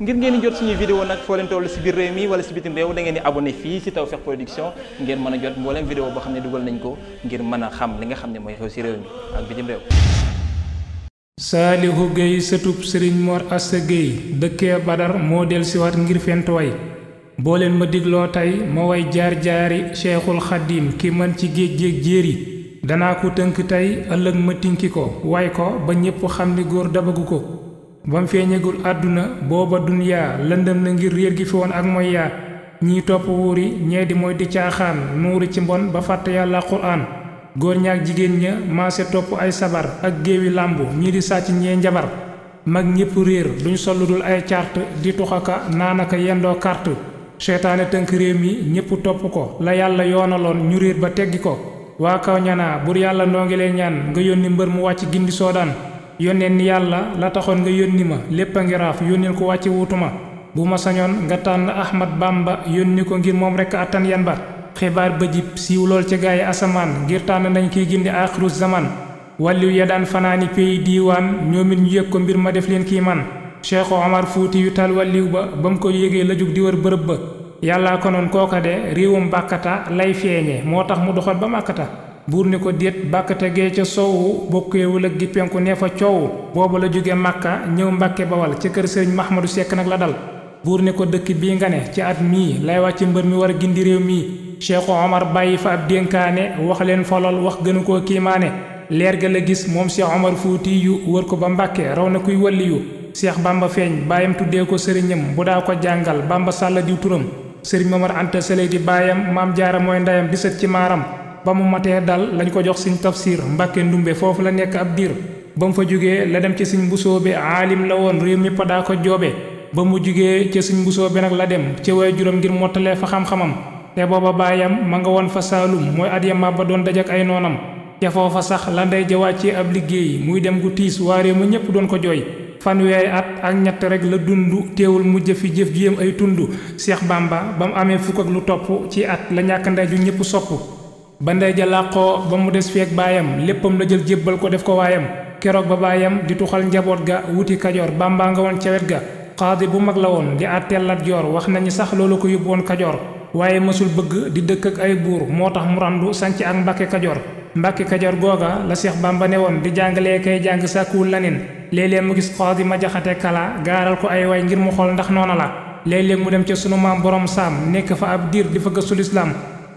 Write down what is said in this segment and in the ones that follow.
ngir ngeen di jot suñuy vidéo nag foo leen toll si biir réew mi wala si bitim réew da ngeen di abonné fii si Tawfekh Production ngeen mën a jot mbooleem vidéo boo xam ne dugal nañ ko ngir mën a xam li nga xam ne mooy xew si réew mi ak bitim réew Saalihu Géey sëtub sëriñ Mor Asta Géey dëkkee Badar moo del siwaat ngir fent way boo leen ma digloo tey ma way jaar-jaari Cheikhul Xadim ki man ci géej-géej yi danaa ko tënk tey ëllëg ma tinki ko way ko ba ñépp xam ni góor dabagu ko ba mu feeñagul àdduna booba dunyaa lëndëm na ngir réer gi fi woon ak mooy yaa ñii topp wuur yi ñee di mooy di caaxaan nuuri ci mbon ba fàtte yàlla quraan góor ñaak jigéen ña maase topp ay sabar ak géewi làmb ñii di sàcc ñee njabar mag ñépp réer duñ sol lu dul ay carte di tuxaka naanaka doo carte seytaane tënk réew mi ñépp topp ko la yàlla yoonaloon ñu réer ba teggi ko waa kaw ñanaa bur yàlla noo ngi lay ñaan nga yónni mbër mu wàcc gindi soodaan yónnee ni yàlla la taxoon nga yónni ma lépp a ngi raaf yónnil ko wàcce wuutu ma bu ma sañoon nga tànn Ahmad Bamba yónni ko ngir moom rekk attan yan ba xibaar bëjib siiw lool ci gaay asamaan ngir tànn nañ kiy gindi aaxiru zaman wàlliw ya daan fanaani pays diiwaan ñoom it ñu yëg ko mbir ma def leen kii man Cheikh Omar Fuuti yu tal wàlliw ba ba mu ko yégee la jóg di wër bërëb ba yàllaa konoon kooka de réewum bàkkata lay feeñe moo tax mu doxoon ba màkkata buur ni ko déet bàkk tegee ca soowu bokkeewul ak gi penku nee fa coow booba la jóge màkka ñëw mbàkke bawal ci kër sëriñ Mahmadou sekk nag la dal buur ni ko dëkk bii nga ne ci at mii lay wax ci mbër mi war a gindi réew mii Cheikh Omar bàyyi fa ab dénkaane wax leen folol wax gënu koo kiimaane leer ga la gis moom Cheikh Omar Fuuti yu wër ko ba Mbàkke raw na kuy walliyu yu Cheikh Bamba feeñ baayam tuddee ko sëriñam bu daa ko jàngal Bamba sàll diw turam sëriñ Momar Anta Sële di baayam maam jaara mooy ndeyam di sët ci maaram ba mu matee dal lañ ko jox sëñ tafsir mbàkke ndumbe foofu la nekk ab diir ba mu fa jógee la dem ci sëñ mbusoobe aalim la woon réew mi padaa ko joobe ba mu jógee ca sëñ mbusoobe nag la dem ca way juróom ngir mottalee fa xam-xamam te booba baayam ma nga woon fa saalum mooy at yama ba doon dajak ay noonam ca foofa sax la ndey ja wàccee ab liggéey muy dem gu tiis waa réew ma ñépp doon ko jooy fanweeri at ak ñett rek la dund teewul mujj fi jëf ju ay tund Cheikh Bamba ba mu amee ci at la ñàkk ba ndey ja làqoo ba mu des feek baayam léppam la jël jébbal ko def ko waayam keroog ba baayam di tuxal njaboot ga wuti kajoor bàmbaa nga woon cawet ga xaadi bu mag la woon di àtteel Lat Joor wax nañu sax loolu ko yóbbu woon kajoor waaye mësul bëgg di dëkk ak ay buur moo tax mu randu sanc ak mbàkke kajoor mbàkke kajoor googa la Seex Bàmba ne woon di jàngalee kay jàng sàkkuwul lanin léeg-léeg mu gis xaadi ma jaxate kala gaaral ko ay way ngir mu xool ndax noona la léeg dem ca sunu maam borom saam nekk fa ab diir di fa gëstu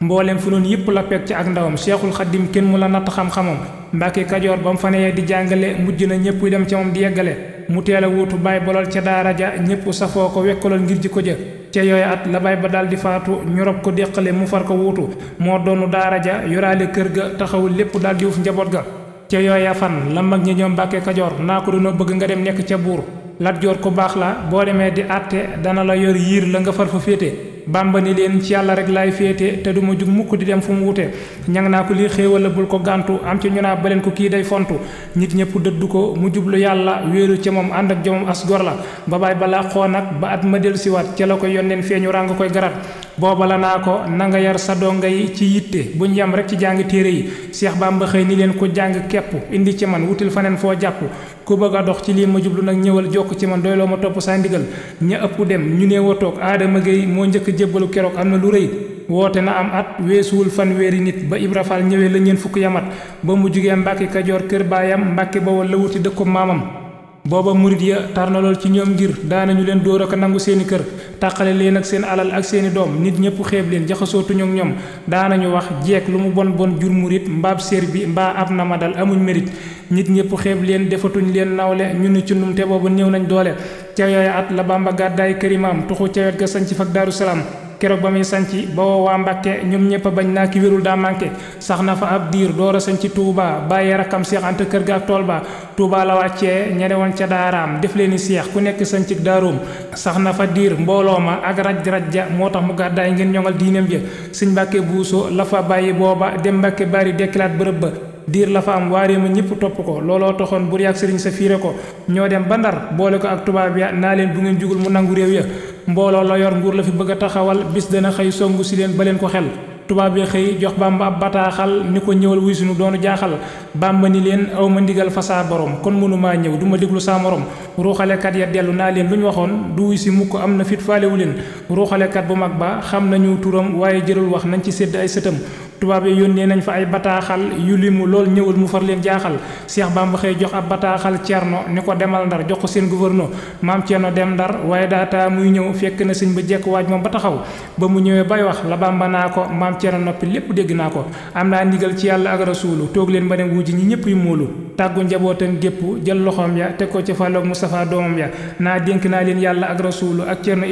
mboolem fu noonu yëpp la pekk ci ak ndawam Cheikhul Xaddim kenn mu la natt xam-xamam Mbàkke Kajoor ba mu fa nee di jàngale mujj na ñëpp dem ca moom di yeggale mu teel a wuutu baay bolol ca daara ja ñëpp safoo ko wekkalool ngir ji ko jë ca yooya at la baay ba daal di faatu ñu ko déqale mu far ko wuutu moo doonu daara ja yoraale kër ga taxawul lépp daal di njaboot ga ca yooya fan la mag ñi ñoom Mbàkke Kajoor naa ko doonoo bëgg nga dem nekk ca buur Lat Joor ku baax la boo demee la nga far fa féete bàmba ni leen ci yàlla rek lay féete te du ma jug mukk di dem fu mu wute ñang naa ko lii xéewal la bul ko gantu am ci ñu naa baleen ko kii day font nit ñëpp dëddu ko mu jublu yàlla wéeru ca moom ànd ak jomam as gor la ba baay balaa xoon ak ba at ma siwaat ca la ko yónneen feeñu ràng koy garat booba la naa ko na nga yar sa donga yi ci yitte buñ yem rek ci jàng téere yi Cheikh Bamba xëy ni leen ku jàng kepp indi ci man wutil faneen foo jàpp ku bëgg a dox ci lii ma jublu nag ñëwal jokk ci man doy loo ma topp saa ndigal ña ëpp dem ñu ne wotoog toog aadama géey moo njëkk jébbalu keroog am na lu rëy woote na am at weesuwul fanweeri nit ba Ibra Fall ñëwee la ñeen fukk yamat ba mu jugee Mbàkke Kajoor kër baayam Mbàkke Bawol la wuti dëkku maamam booba murit ya tar na lool ci ñoom ngir daanañu leen dóor ak nangu seeni kër tàqale leen ak seen alal ak seeni doom nit ñëpp xeeb leen jaxasootuñu ak ñoom daanañu wax jeeg lu mu bon bon jur murit mbaab séer bi mbaa ab na ma dal amuñ mérite nit ñëpp xeeb leen defatuñ leen nawle ñu ni cundum te booba néew nañ doole ca yooya at la Bàmba gàddaay maam tuxu ca wet ga sañc fak Daaru Salaam keroog ba muy sanc ba woo waa ñoom ñëpp bañ naa ki wérul daa manqué sax na fa ab diir doora a sanc Touba bàyyee rakkam Seex Anta kër ga ak tool ba tuubaa la wàcce ñene woon ca daaraam def leen i seex ku nekk sanc daaroom sax na fa diir mbooloo ma ak raj-raj ja moo tax mu gàddaay ngeen ñoŋal diineem ja sëñ Mbàkke buusoo la fa bàyyi booba dem Mbàkke bari dekkilaat bërëb ba diir la fa am waaree ma ñëpp topp ko looloo toxoon bur ak sëriñ sa fiire ko ñoo dem ba ndar boole ko ak tubaab ya naa leen bu ngeen jugul mu nangu réew ya mbooloo la yor nguur la fi bëgg a taxawal bis dana xëy songu si leen ba leen ko xel tubaab yi xëy jox bàmba ab bataaxal ni ko ñëwal wuy suñu doonu jaaxal bàmba ni leen aw ma ndigal fa saa borom kon mënumaa ñëw du ma déglu saa morom ruuxalekat ya dellu naa leen lu ñu waxoon du wuy si mukk am na fit faalewu leen ruuxalekat bu mag ba xam nañu turam waaye jërul wax nañ ci sédd ay sëtam tubaab yi yónnee nañ fa ay bataaxal yu mu lool ñëwul mu far leen jaaxal Cheikh Bamba xëy jox ab bataaxal Thierno ni ko demal ndar jox ko seen gouverneur maam Thierno dem ndar waaye daata muy ñëw fekk na sëñ ba jekk waaj moom ba taxaw ba mu ñëwee bay wax la Bamba naa ko maam Thierno noppi lépp dégg naa ko am naa ndigal ci yàlla ak rasuulu toog leen ba dem wuji ñi ñëpp yu móolu tàggu njabootam gépp jël loxoom ya teg ko ci faloog Moustapha doomam ya naa dénk naa leen yàlla ak rasuulu ak Thierno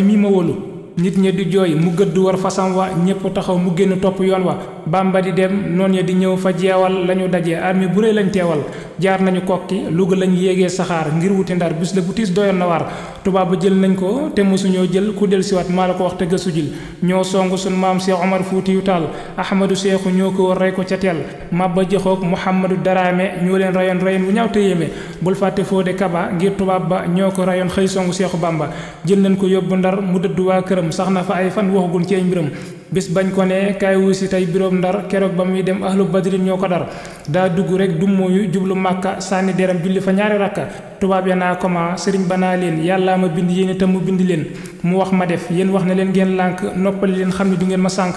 mi ma wóolu nit ña di jooy mu gëddu war fasam wa ñëpp taxaw mu génn topp yoon wa bàmba di dem noon ya di ñëw fa jeewal la ñu dajee armée bu rëy lañ teewal jaar nañu kokki Louga lañ yéegee saxaar ngir wuti ndar bis la bu tiis na war tubaab ba jël nañ ko te mosuñoo jël ku del siwaat maa la ko wax te gësu jil ñoo song sun maam Cheikh Omar Fuutiyu Taal Ahmadou Cheikhu ñoo ko war rey ko ca teel Maba Jaxoog Mouhamadou Daraame ñoo leen rayoon rayoon wu ñaaw te yéeme bul fàtte Fodé Kaba ngir tubaab ba ñoo ko reyoon xëy song Cheikhu Bamba jël nañ ko yóbbu ndar mu dëddu waa këram sax na fa ay fan waxagun ci ay mbiram bés bañ ko ne kaay wuy si tey biroom ndar keroog ba muy dem ahlu badri ñoo ko dar daa dugg rek dummóoyu jublu màkka sànni deram julli fa ñaari rakka tubaab ya naa ko koma sëriñ ba naa leen yàllaa ma bind yéen itam mu bind leen mu wax ma def yéen wax na leen ngeen lànk noppali leen xam ne du ngeen ma sànk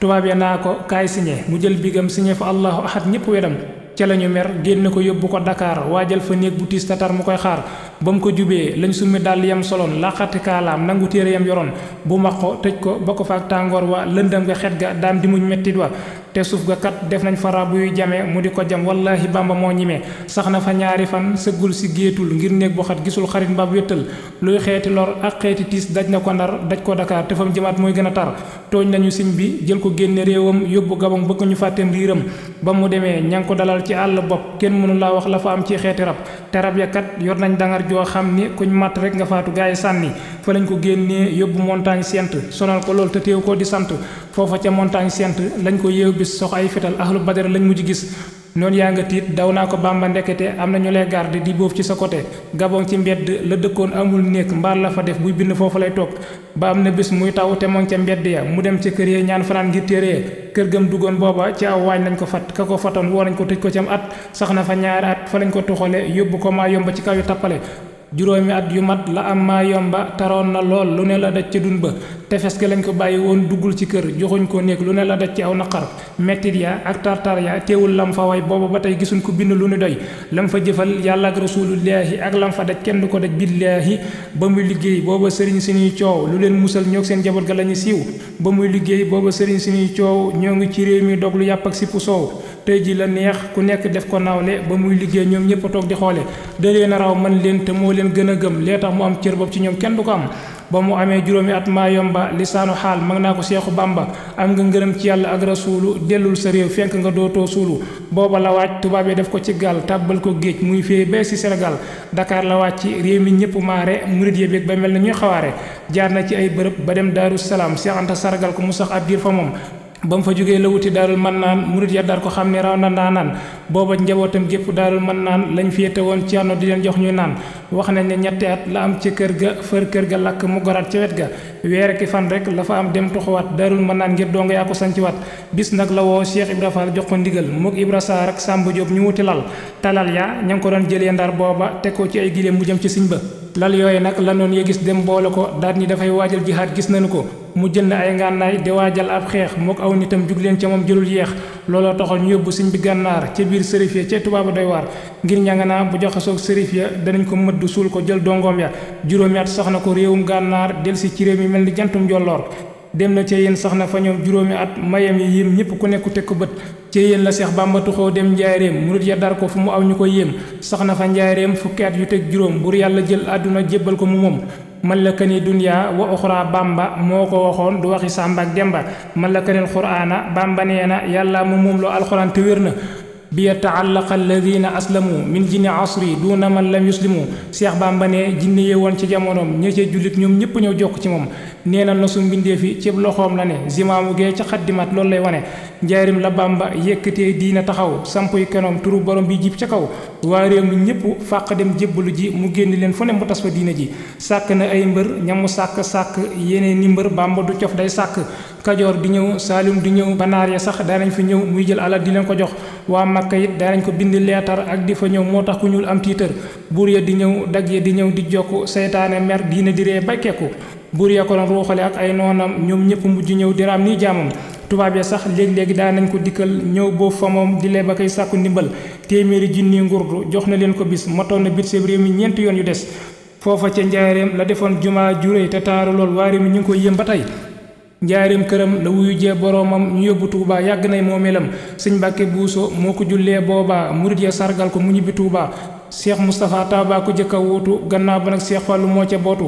tubaab ya naa ko kaay siñe mu jël bigam siñe fa allahu ahad ñëpp wedam ca la ñu mer génn ko yóbbu ko Dakar waajal fa néeg bu tiis tatar mu koy xaar ba mu ko jubee lañ summi dàll yam soloon laqati kaalaam nangu téere yam yoroon bu ma ko tëj ko ba ko faak tàngoor wa lëndam nga xet ga daan di muñ mettit wa te suuf ga kat def nañ fa rab yuy jamee mu di ko jam wallahi bamba moo ñimee sax na fa ñaari fan sëggul si géetul ngir néeg bu xat gisul xarit mbab wéttal luy xeeti lor ak xeeti tiis daj na ko ndar daj ko Dakar te fam jëmaat mooy gën a tar tooñ nañu siñ bi jël ko génne réewam yóbbu gabon bëgg ñu fàtteem riiram ba mu demee ña ngi ko dalal ci àll bopp kenn mënu laa wax la fa am ci xeeti rab te rab ya kat yor nañ dangar joo xam ni kuñ màtt rek nga faatu gaay sànni fa lañ ko ko loolu te teew sant bis sox ay fital ahlu badar lañ mujj gis noon yaa nga tiit daw naa ko bàmba ndekete am na ñu lay garde di boof ci sa côté gabon ci mbedd la dëkkoon amul néeg mbaar la fa def buy bind foofu lay toog ba am na bis muy taw te moom ca mbedd ya mu dem ca kër ya ñaan fanaan ngir téere ya kër gam duggoon booba ci aw waañ lañ ko fat ka ko fatoon woo nañ ko tëj ko ci am at sax na fa ñaari at fa lañ ko tuxale yóbbu ko maa yomba ci kaw yu tappale juróomi at yu mat la am maa yomba taroon na lool lu ne la daj ca dun ba tefes gi lañ ko bàyyi woon duggul ci kër joxuñ ko néeg lu ne la daj ci aw naqar mettit ya ak tartar ya teewul lam fa way booba ba tey gisuñ ko bind lu nu doy lam fa jëfal yàlla ak rasuulullaahi ak lam fa daj kenn du ko daj billaahi ba muy liggéey booba sëriñ siñuy coow lu leen musal ñoo seen njaboot ga la ñu siiw ba muy liggéey booba sëriñ siñuy coow ñoo ngi ci réew mi dog yàpp ak sipp soow tey ji la neex ku nekk def ko nawle ba muy liggéey ñoom ñëpp toog di xoole da leen raw man leen te moo leen gën a gëm lee tax mu am cër boobu ci ñoom kenn du ko am ba mu amee juróomi at maa yomba lisaanu xaal mag naa ko seexu bàmba am nga ngërëm ci yàlla ak rasuulu dellul sa réew fenk nga dootoo suulu booba la wàcc tubaab yi def ko ci gaal tàbbal ko géej muy fee bee si Sénégal dakaar la wàcc réew mi ñëpp maare murit yi beeg ba mel na ñuy xawaare jaar na ci ay bërëb ba dem Daaru Salaam Seex Anta sargal ko mu sax ab diir fa moom ba mu fa jógee la wuti daarul man naan murit ya daal ko xam ne raw na ndaanaan booba njabootam gépp daarul man naan lañ féete woon ceerno di leen jox ñu naan wax nañ ne ñetti at la am ca kër ga fër kër ga lakk mu goraat ci wet ga weer ki fan rek la fa am dem tuxuwaat daarul man naan ngir donga yaa ko sanciwaat bis nag la woo Cheikh Ibra Fall jox ko ndigal mook Ibra Saar ak Samba Diop ñu wuti lal talal ya ña ngi ko doon jëlee ndar booba te ko ci ay gileem mu jëm ci siñ ba lal yooyu nag la noon ya gis dem boole ko daat ni dafay waajal jihaat gis nañu ko mu jënd ay ngànnaay di waajal ab xeex mook aw nitam jug leen ca moom jëlul yeex looloo taxoon ñu yóbbu sëñ bi gànnaar ca biir sërif ya ca tubaaba doy waar ngir ñanganaa bu jaxasoog sërif ya danañ ko mëdd suul ko jël dongoom ya juróomi at sax na ko réewum gànnaar delsi ci réew mi mel ni jantum jolloor dem na cee yéen soxna fa ñoom juróomi at mayam yi yéem ñëpp ku nekku ko bët cee yéen la seex bàmba tuxoo dem njaaréem murit ya dar ko fu mu aw ñu ko yéem soxna fa njaaréem fukki at yu teg juróom buur yàlla jël àdduna jébbal ko mu moom man la kani duniyaa wa uxraa bàmba moo ko waxoon du waxi sàmba ak demba man la kanil xuraana bàmba nee na yàlla mu moom loo alxuraan te wér na biyatallaqa alladina aslamu min jinni asri duna man lam yuslimu Seex Bàmba ne jinne yi woon ci jamonoom ña cee jullit ñoom ñëpp ñëw jokk ci moom nee na nosu mbindeef yi ci loxoom la ne zimaamu gee ca xaddimat loolu lay wane njaarim la Bàmba yëkkatee diina taxaw sampuy kenoom turu borom bi jib ca kaw waa réew mi ñëpp fàq dem jëbbalu ji mu génn leen fu ne mu tas fa diina ji sàkk na ay mbër ñamu sàkk sàkk yeneen ni mbër Bàmba du cof day sàkk kajoor di ñëw saalum di ñëw banaar ya sax daanañ fi ñëw muy jël alal di ko jox waa Makka it daanañ ko bind leetar ak di fa ñëw moo tax ku ñuul am tiitër buur ya di ñëw dag ya di ñëw di jokk seytaane mer diina di ree bakkeeku buur ya ko doon ruuxale ak ay noonam ñoom ñëpp mujj ñëw di raam nii jaamam tubaab ya sax léegi-léegi daan nañ ko dikkal ñëw boobu fa moom di lee ba koy sàkku ndimbal téeméeri junni ngurdu jox na leen ko bis matoon na bit seen réew mi ñeenti yoon yu des foofa ca njaareem la defoon jumaa juré te taaru lool waa mi ñu ngi koy yëm ba tey njaareem këram la wuyu jee boroomam ñu yóbbu Touba yàgg nay moomeelam sëñ Mbàkke Buuso moo ko jullee boobaa murit ya sargal ko mu ñibbi Touba Cheikh Moustapha Taba ko jëkk a wuutu gannaaw ba nag Cheikh Fallou moo ca bootu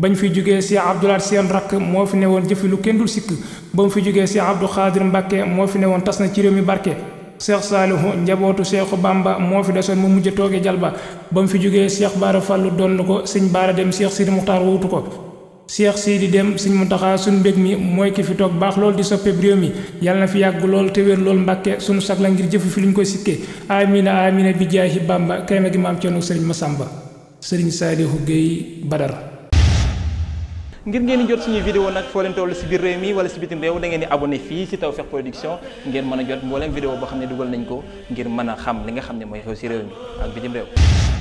bañ fi jógee Cheikh Abdoulaat seen rakk moo fi newoon jëfi lu kenn dul sikk ba mu fi jógee Cheikh Abdou Khadir Mbàkke moo fi ne woon tas na ci réew mi barke Cheikh Saalihu njabootu Cheikhu Bamba moo fi desoon mu mujj tooge jalba ba mu fi jógee Cheikh Baara Fallou doon ko sëñ Baara dem Cheikh Sidi Muxtaar wuutu ko Cheikh di Dem siñ mu Muntaxa suñu mbég mi mooy ki fi toog baax lool di soppee réew mi yàlla na fi yàgg lool te wér lool mbàkke suñu sagla ngir jëfu fi ñu koy sikkee amina amina bi jaahi Bàmba kay ma gi ma Cerno Sëriñ Masamba Sëriñ Saalihu Géey Badar ngir ngeen di jot suñuy vidéo nag foo leen toll si biir réew mi wala si bitim réew da ngeen di abonné fii si Tawfekh Production ngeen mën a jot mbooleem vidéo boo xam ne dugal nañ ko ngir mën a xam li nga xam ne mooy xew si réew mi ak bitim réew